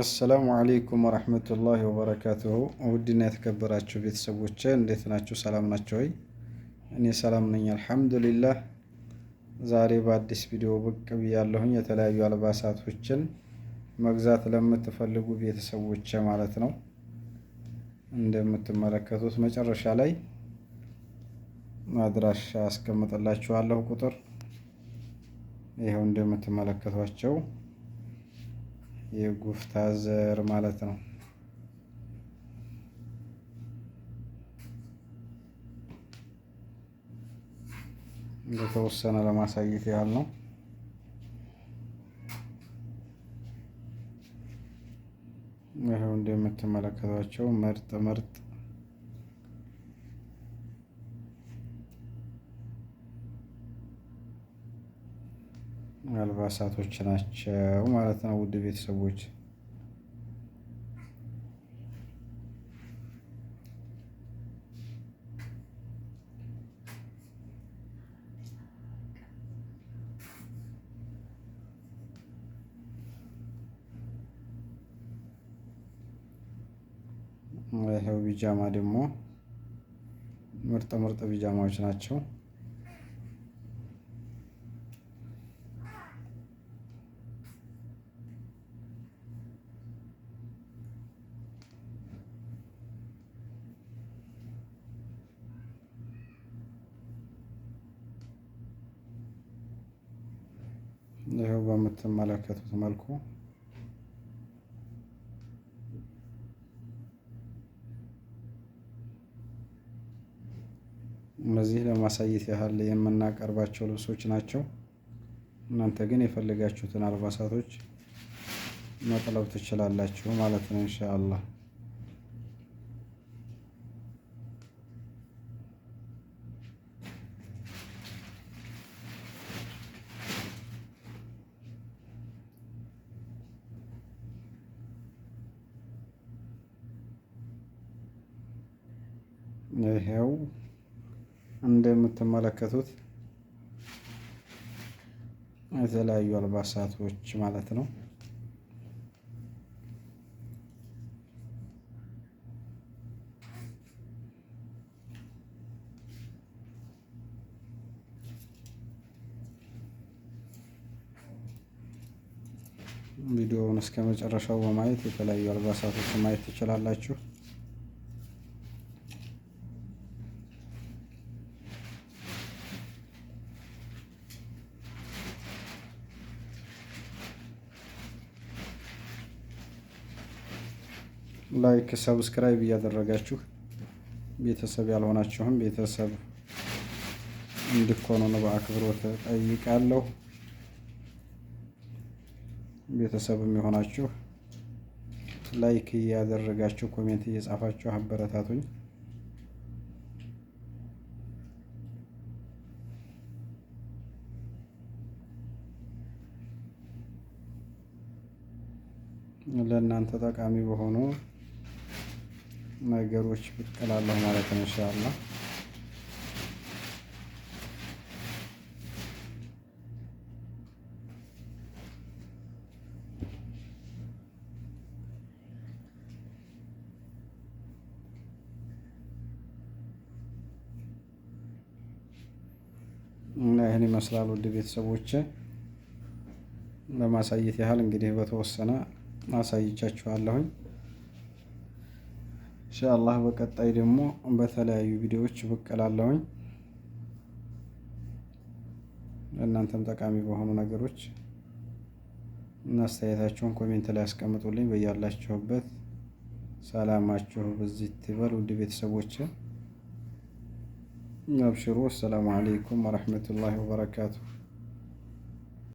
አሰላሙ አለይኩም ወረህመቱላሂ ወበረካቱሁ ውድና የተከበራችሁ ቤተሰቦች እንዴት ናችሁ? ሰላም ናቸው ወይ? እኔ ሰላም ነኝ አልሐምዱሊላህ። ዛሬ በአዲስ ቪዲዮ ብቅ ብያለሁኝ። የተለያዩ አልባሳቶችን መግዛት ለምትፈልጉ ቤተሰቦች ማለት ነው። እንደምትመለከቱት መጨረሻ ላይ አድራሻ አስቀምጥላችኋለሁ ቁጥር ይኸው እንደምትመለከቷቸው የጉፍታ ዘር ማለት ነው። እንደተወሰነ ለማሳየት ያህል ነው። ይኸው እንደምትመለከቷቸው ምርጥ ምርጥ አልባሳቶች ናቸው ማለት ነው። ውድ ቤተሰቦች ይኸው ቢጃማ ደግሞ ምርጥ ምርጥ ቢጃማዎች ናቸው። ይኸው በምትመለከቱት መልኩ እነዚህ ለማሳየት ያህል የምናቀርባቸው ልብሶች ናቸው። እናንተ ግን የፈለጋችሁትን አልባሳቶች መጥለብ ትችላላችሁ ማለት ነው ኢንሻአላህ። ይሄው እንደምትመለከቱት የተለያዩ አልባሳቶች ማለት ነው። ቪዲዮውን እስከ መጨረሻው በማየት የተለያዩ አልባሳቶች ማየት ትችላላችሁ። ላይክ ሰብስክራይብ እያደረጋችሁ ቤተሰብ ያልሆናችሁም ቤተሰብ እንድኮኑ ነው በአክብሮት ጠይቃለሁ። ቤተሰብ የሆናችሁ ላይክ እያደረጋችሁ ኮሜንት እየጻፋችሁ አበረታቱኝ። ለእናንተ ጠቃሚ በሆኑ ነገሮች ብቅ እላለሁ ማለት ነው ኢንሻአላህ። እና ይህን ይመስላል ውድ ቤተሰቦች፣ ለማሳየት ያህል እንግዲህ በተወሰነ አሳይቻችኋለሁኝ። ኢንሻአላህ በቀጣይ ደግሞ በተለያዩ ቪዲዮዎች ብቅ እላለሁኝ። ለእናንተም ጠቃሚ በሆኑ ነገሮች እና አስተያየታችሁን ኮሜንት ላይ አስቀምጡልኝ በያላችሁበት ሰላማችሁ ብዝት ይበል። ውድ ቤተሰቦች አብሽሩ። አሰላሙ አለይኩም ወረሕመቱላሂ ወበረካቱሁ።